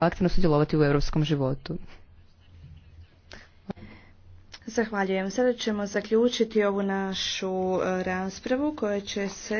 aktivno sudjelovati u europskom životu. Zahvaljujem. Sada ćemo zaključiti ovu našu e, raspravu koja će se